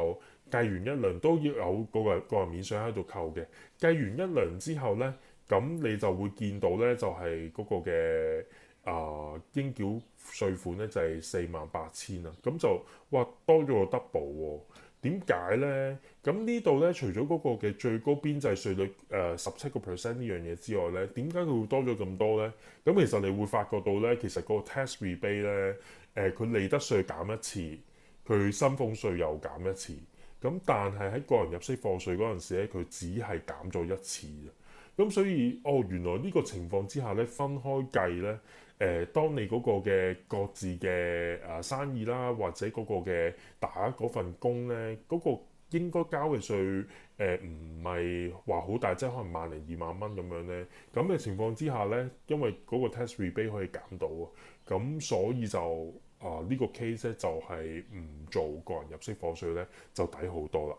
計完一輪都要有嗰、那個、個人免稅喺度扣嘅，計完一輪之後咧，咁你就會見到咧就係、是、嗰個嘅。啊，應繳稅款咧就係四萬八千啦，咁就哇多咗個 double 喎、哦。點解咧？咁呢度咧，除咗嗰個嘅最高邊際稅率誒十七個 percent 呢樣嘢之外咧，點解佢會多咗咁多咧？咁其實你會發覺到咧，其實個 tax rebate 咧，誒、呃、佢利得稅減一次，佢薪俸稅又減一次。咁但係喺個人入息課稅嗰陣時咧，佢只係減咗一次啫。咁所以哦，原來呢個情況之下咧，分開計咧。誒、呃，當你嗰個嘅各自嘅誒、啊、生意啦，或者嗰個嘅打嗰份工咧，嗰、那個應該交嘅稅誒唔係話好大，即係可能萬零二萬蚊咁樣咧。咁嘅情況之下咧，因為嗰個 tax rebate 可以減到啊，咁所以就啊呢、呃這個 case 咧就係唔做個人入息課稅咧就抵好多啦。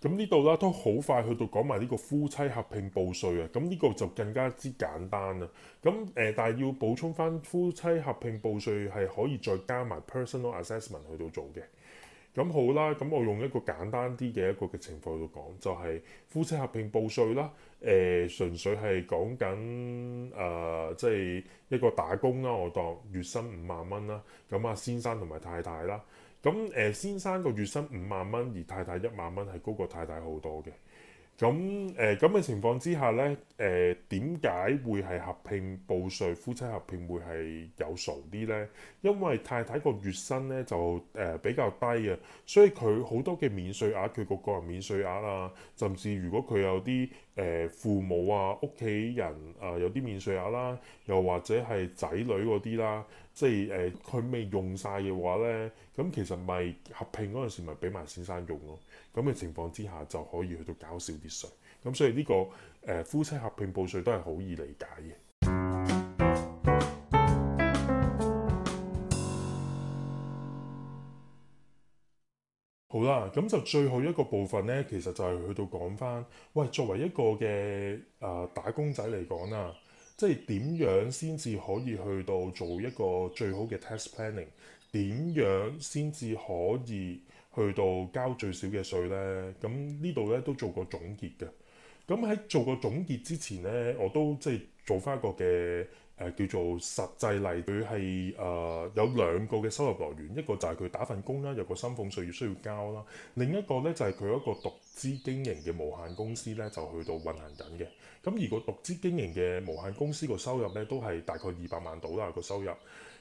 咁呢度啦，都好快去到講埋呢個夫妻合併報稅啊！咁呢個就更加之簡單啦。咁誒、呃，但係要補充翻，夫妻合併報稅係可以再加埋 personal assessment 去到做嘅。咁好啦，咁我用一個簡單啲嘅一個嘅情況去到講，就係、是、夫妻合併報稅啦。誒、呃，純粹係講緊誒，即、呃、係、就是、一個打工啦，我當月薪五萬蚊啦。咁啊，先生同埋太太啦。咁誒、呃、先生個月薪五萬蚊，而太太一萬蚊，係高過太太好多嘅。咁誒，咁嘅情況之下呢，誒點解，會係合併報稅，夫妻合併會係有著數啲呢？因為太太個月薪呢就誒、呃、比較低啊，所以佢好多嘅免稅額，佢個個人免稅額啊，甚至如果佢有啲。誒父母啊，屋企人啊、呃，有啲免稅額啦，又或者係仔女嗰啲啦，即係誒佢未用晒嘅話咧，咁其實咪合併嗰陣時咪俾埋先生用咯、啊，咁嘅情況之下就可以去到搞少啲稅，咁所以呢、這個誒、呃、夫妻合併報稅都係好易理解嘅。好啦，咁就最後一個部分呢，其實就係去到講翻，喂，作為一個嘅誒、呃、打工仔嚟講啊，即係點樣先至可以去到做一個最好嘅 tax planning？點樣先至可以去到交最少嘅稅呢？咁呢度呢，都做個總結嘅。咁喺做個總結之前呢，我都即係做翻一個嘅。誒、呃、叫做實際例，佢係誒有兩個嘅收入來源，一個就係佢打份工啦，有個薪俸稅要需要交啦；另一個呢，就係、是、佢一個獨資經營嘅無限公司呢，就去到運行緊嘅。咁而個獨資經營嘅無限公司個收入呢，都係大概二百萬到啦個收入。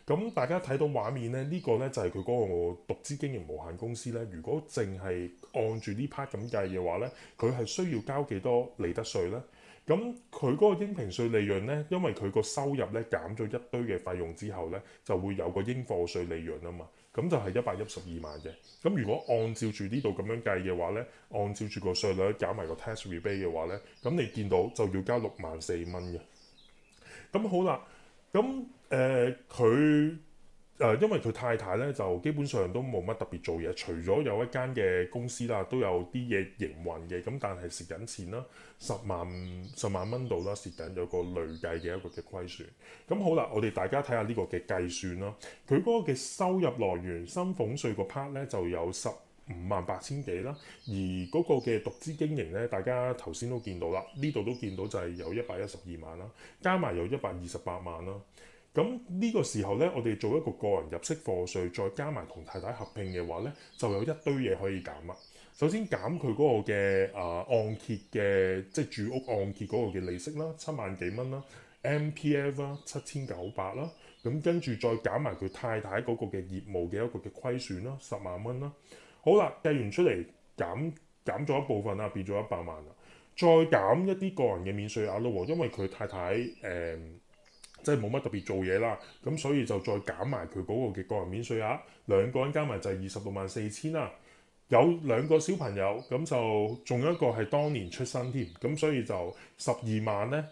咁大家睇到畫面呢，呢、這個呢，就係佢嗰個獨資經營無限公司呢。如果淨係按住呢 part 咁計嘅話呢，佢係需要交幾多利得稅呢？咁佢嗰個應平稅利潤咧，因為佢個收入咧減咗一堆嘅費用之後咧，就會有個應課稅利潤啊嘛。咁就係一百一十二萬嘅。咁如果按照住呢度咁樣計嘅話咧，按照住個稅率減埋個 tax rebate 嘅話咧，咁你見到就要交六萬四蚊嘅。咁好啦，咁誒佢。呃誒，因為佢太太咧就基本上都冇乜特別做嘢，除咗有一間嘅公司啦，都有啲嘢營運嘅，咁但係蝕緊錢啦，十萬十萬蚊度啦，蝕緊有個累計嘅一個嘅虧損。咁好啦，我哋大家睇下呢個嘅計算啦，佢嗰個嘅收入來源薪俸稅個 part 咧就有十五萬八千幾啦，而嗰個嘅獨資經營咧，大家頭先都見到啦，呢度都見到就係有一百一十二萬啦，加埋有一百二十八萬啦。咁呢個時候呢，我哋做一個個人入息課稅，再加埋同太太合拼嘅話呢，就有一堆嘢可以減啦。首先減佢嗰個嘅啊、呃、按揭嘅，即係住屋按揭嗰個嘅利息啦，七萬幾蚊啦，MPF 啦，七千九百啦，咁跟住再減埋佢太太嗰個嘅業務嘅一個嘅虧損啦，十萬蚊啦。好啦，計完出嚟減減咗一部分啦，變咗一百萬啦，再減一啲個人嘅免稅額咯，因為佢太太誒。嗯即係冇乜特別做嘢啦，咁所以就再減埋佢嗰個嘅個人免稅額，啊，兩個人加埋就係二十六萬四千啦。有兩個小朋友，咁就仲有一個係當年出生添，咁所以就十二萬咧，誒、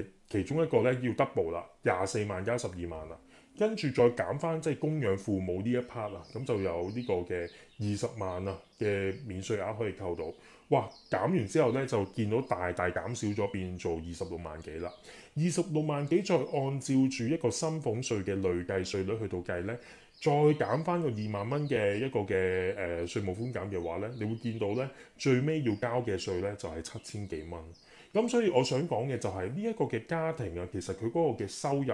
呃，其中一個咧要 double 啦，廿四萬加十二萬啦。跟住再減翻，即係供養父母呢一 part 啊，咁就有呢個嘅二十萬啊嘅免稅額可以扣到。哇！減完之後呢，就見到大大減少咗，變做二十六萬幾啦。二十六萬幾再按照住一個薪俸稅嘅累計稅率去到計呢，再減翻個二萬蚊嘅一個嘅誒、呃、稅務寬減嘅話呢，你會見到呢，最尾要交嘅稅呢，就係七千幾蚊。咁所以我想講嘅就係呢一個嘅家庭啊，其實佢嗰個嘅收入。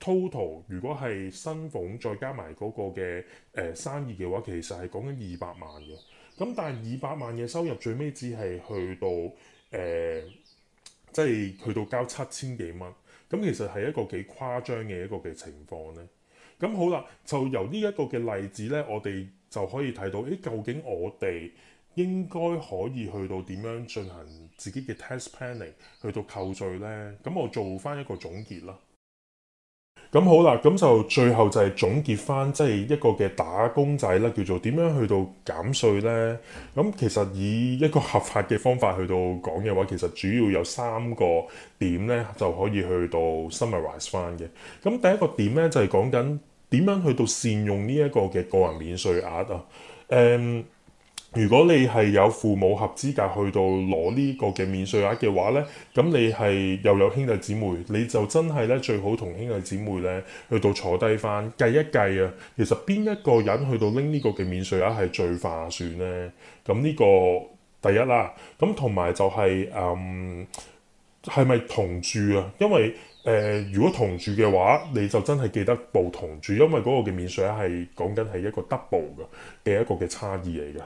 Total 如果係新房再加埋嗰個嘅誒、呃、生意嘅話，其實係講緊二百萬嘅。咁但係二百萬嘅收入最尾只係去到誒，即、呃、係、就是、去到交七千幾蚊。咁其實係一個幾誇張嘅一個嘅情況咧。咁好啦，就由呢一個嘅例子咧，我哋就可以睇到誒，究竟我哋應該可以去到點樣進行自己嘅 tax planning 去到扣稅咧？咁我做翻一個總結啦。咁好啦，咁就最後就係總結翻，即係一個嘅打工仔咧，叫做點樣去到減稅咧？咁其實以一個合法嘅方法去到講嘅話，其實主要有三個點咧，就可以去到 summarize 翻嘅。咁第一個點咧就係講緊點樣去到善用呢一個嘅個人免稅額啊，誒、um。如果你係有父母合資格去到攞呢個嘅免稅額嘅話咧，咁你係又有兄弟姊妹，你就真係咧最好同兄弟姊妹咧去到坐低翻計一計啊！其實邊一個人去到拎呢個嘅免稅額係最划算咧？咁呢個第一啦，咁同埋就係誒係咪同住啊？因為誒、呃、如果同住嘅話，你就真係記得報同住，因為嗰個嘅免稅額係講緊係一個 double 嘅嘅一個嘅差異嚟嘅。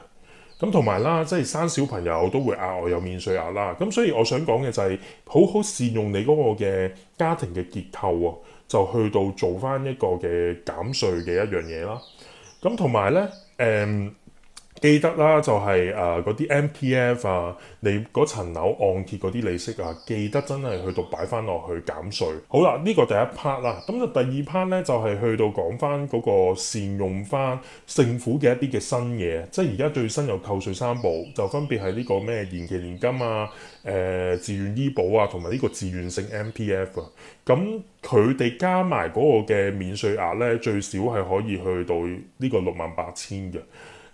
咁同埋啦，即係生小朋友都會額外有免稅額啦。咁所以我想講嘅就係、是、好好善用你嗰個嘅家庭嘅結構喎、啊，就去到做翻一個嘅減稅嘅一樣嘢啦。咁同埋咧，誒、嗯。記得啦，就係誒嗰啲 M P F 啊，你嗰層樓按揭嗰啲利息啊，記得真係去到擺翻落去減稅。好啦，呢、這個第一 part 啦，咁就第二 part 咧，就係、是、去到講翻嗰個善用翻政府嘅一啲嘅新嘢，即係而家最新有扣稅三寶，就分別係呢個咩延期年金啊、誒、呃、自願醫保啊，同埋呢個自願性 M P F 啊。咁佢哋加埋嗰個嘅免稅額咧，最少係可以去到呢個六萬八千嘅。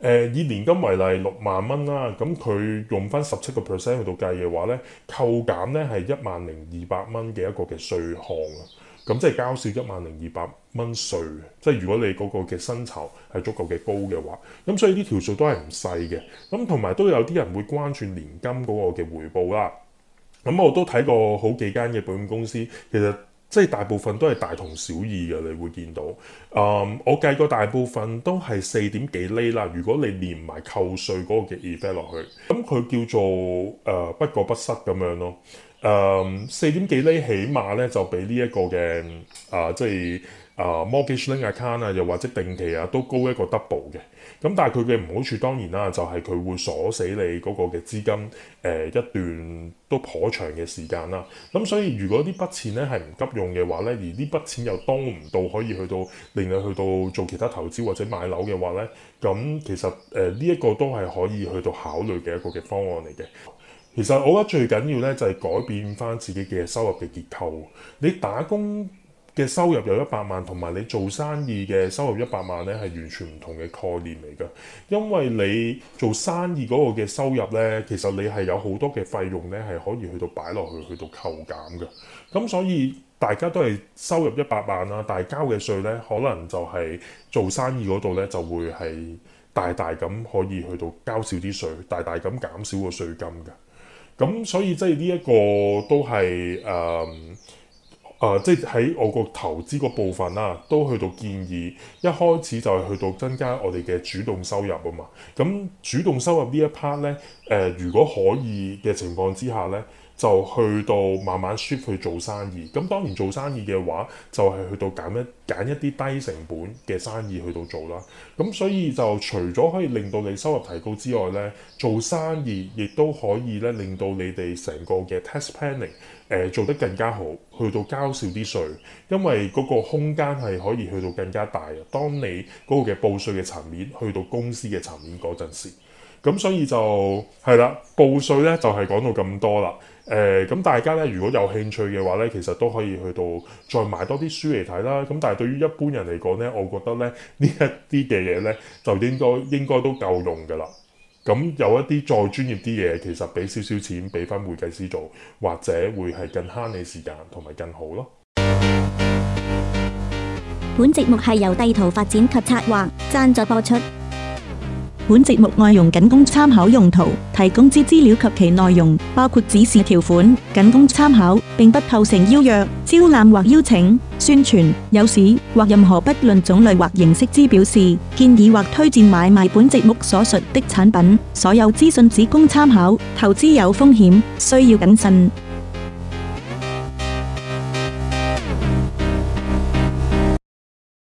誒、呃、以年金為例，六萬蚊啦，咁佢用翻十七個 percent 去到計嘅話咧，扣減咧係一萬零二百蚊嘅一個嘅稅項啊，咁即係交少一萬零二百蚊稅，即係如果你嗰個嘅薪酬係足夠嘅高嘅話，咁所以呢條數都係唔細嘅，咁同埋都有啲人會關注年金嗰個嘅回報啦，咁我都睇過好幾間嘅保險公司，其實。即係大部分都係大同小異嘅，你會見到。誒、um，我計過大部分都係四點幾厘啦。如果你連埋扣稅嗰個嘅 effect 落去，咁、嗯、佢叫做誒、呃、不過不失咁樣咯。誒，四點幾厘起碼咧，就比呢一個嘅誒、呃、即係誒、呃、mortgage link account 啊，又或者定期啊，都高一個 double 嘅。咁但係佢嘅唔好處當然啦，就係佢會鎖死你嗰個嘅資金，誒，一段都頗長嘅時間啦。咁所以如果呢筆錢咧係唔急用嘅話咧，而呢筆錢又當唔到可以去到令你去到做其他投資或者買樓嘅話咧，咁其實誒呢一個都係可以去到考慮嘅一個嘅方案嚟嘅。其實我覺得最緊要咧就係改變返自己嘅收入嘅結構，你打工嘅收入有一百萬，同埋你做生意嘅收入一百萬咧，係完全唔同嘅概念嚟噶因為你做生意嗰個嘅收入咧，其實你係有好多嘅費用咧，係可以去到擺落去，去到扣減嘅。咁所以大家都係收入一百萬啦，但係交嘅稅咧，可能就係做生意嗰度咧，就會係大大咁可以去到交少啲稅，大大咁減少個稅金嘅。咁所以即係呢一個都係誒。Um, 啊、呃，即係喺我個投資個部分啦、啊，都去到建議一開始就係去到增加我哋嘅主動收入啊嘛。咁主動收入一呢一 part 咧，誒、呃、如果可以嘅情況之下咧，就去到慢慢 shift 去做生意。咁當然做生意嘅話，就係、是、去到揀一揀一啲低成本嘅生意去到做啦。咁所以就除咗可以令到你收入提高之外咧，做生意亦都可以咧令到你哋成個嘅 tax planning 誒、呃、做得更加好，去到交少啲稅，因為嗰個空間係可以去到更加大嘅。當你嗰個嘅報稅嘅層面去到公司嘅層面嗰陣時，咁所以就係啦，報稅咧就係、是、講到咁多啦。誒咁、呃、大家咧，如果有興趣嘅話咧，其實都可以去到再買多啲書嚟睇啦。咁但係對於一般人嚟講咧，我覺得咧呢一啲嘅嘢咧，就應該應該都夠用㗎啦。咁、嗯、有一啲再專業啲嘢，其實俾少少錢俾翻會計師做，或者會係更慳你時間同埋更好咯。本節目係由地圖發展及策劃贊助播出。本節目內容僅供參考用途，提供之資料及其內容，包括指示條款，僅供參考，並不構成邀約、招攬或邀請、宣傳、有史或任何不論種類或形式之表示、建議或推薦買賣本節目所述的產品。所有資訊只供參考，投資有風險，需要謹慎。